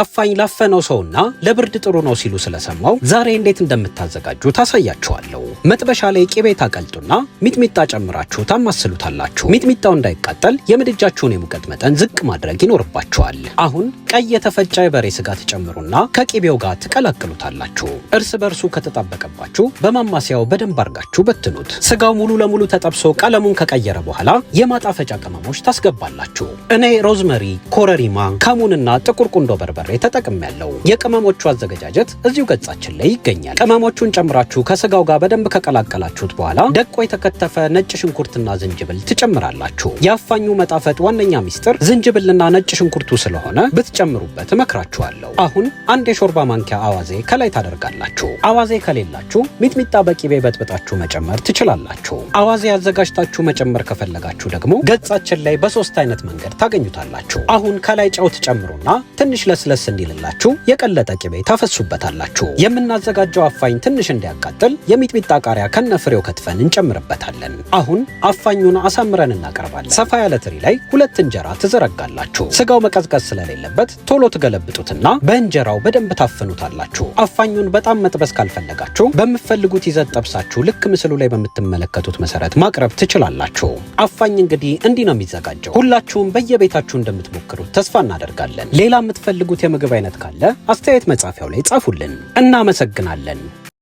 አፋኝ ላፈነው ሰውና ለብርድ ጥሩ ነው ሲሉ ስለሰማው ዛሬ እንዴት እንደምታዘጋጁ ታሳያችኋለሁ። መጥበሻ ላይ ቂቤ ታቀልጡና ሚጥሚጣ ጨምራችሁ ታማስሉታላችሁ። ሚጥሚጣው እንዳይቃጠል የምድጃችሁን የሙቀት መጠን ዝቅ ማድረግ ይኖርባችኋል። አሁን ቀይ የተፈጨ የበሬ ስጋ ትጨምሩና ከቂቤው ጋር ትቀላቅሉታላችሁ። እርስ በርሱ ከተጣበቀባችሁ በማማሰያው በደንብ አርጋችሁ በትኑት። ስጋው ሙሉ ለሙሉ ተጠብሶ ቀለሙን ከቀየረ በኋላ የማጣፈጫ ቅመሞች ታስገባላችሁ። እኔ ሮዝመሪ፣ ኮረሪማ፣ ካሙንና ጥቁር ቁንዶ በርበሬ ተጠቅም ያለው። የቅመሞቹ አዘገጃጀት እዚሁ ገጻችን ላይ ይገኛል። ቅመሞቹን ጨምራችሁ ከስጋው ጋር በደንብ ከቀላቀላችሁት በኋላ ደቆ የተከተፈ ነጭ ሽንኩርትና ዝንጅብል ትጨምራላችሁ። የአፋኙ መጣፈጥ ዋነኛ ሚስጥር ዝንጅብልና ነጭ ሽንኩርቱ ስለሆነ ብትጨ እንዲጨምሩበት እመክራችኋለሁ። አሁን አንድ የሾርባ ማንኪያ አዋዜ ከላይ ታደርጋላችሁ። አዋዜ ከሌላችሁ ሚጥሚጣ በቂቤ በጥብጣችሁ መጨመር ትችላላችሁ። አዋዜ አዘጋጅታችሁ መጨመር ከፈለጋችሁ ደግሞ ገጻችን ላይ በሶስት አይነት መንገድ ታገኙታላችሁ። አሁን ከላይ ጨው ትጨምሩና ትንሽ ለስለስ እንዲልላችሁ የቀለጠ ቂቤ ታፈሱበታላችሁ። የምናዘጋጀው አፋኝ ትንሽ እንዲያቃጥል የሚጥሚጣ ቃሪያ ከነፍሬው ከትፈን እንጨምርበታለን። አሁን አፋኙን አሳምረን እናቀርባለን። ሰፋ ያለ ትሪ ላይ ሁለት እንጀራ ትዘረጋላችሁ። ስጋው መቀዝቀዝ ስለሌለበት ቶሎ ትገለብጡትና በእንጀራው በደንብ ታፈኑታላችሁ። አፋኙን በጣም መጥበስ ካልፈለጋችሁ በምትፈልጉት ይዘት ጠብሳችሁ ልክ ምስሉ ላይ በምትመለከቱት መሰረት ማቅረብ ትችላላችሁ። አፋኝ እንግዲህ እንዲህ ነው የሚዘጋጀው። ሁላችሁም በየቤታችሁ እንደምትሞክሩት ተስፋ እናደርጋለን። ሌላ የምትፈልጉት የምግብ አይነት ካለ አስተያየት መጻፊያው ላይ ጻፉልን። እናመሰግናለን።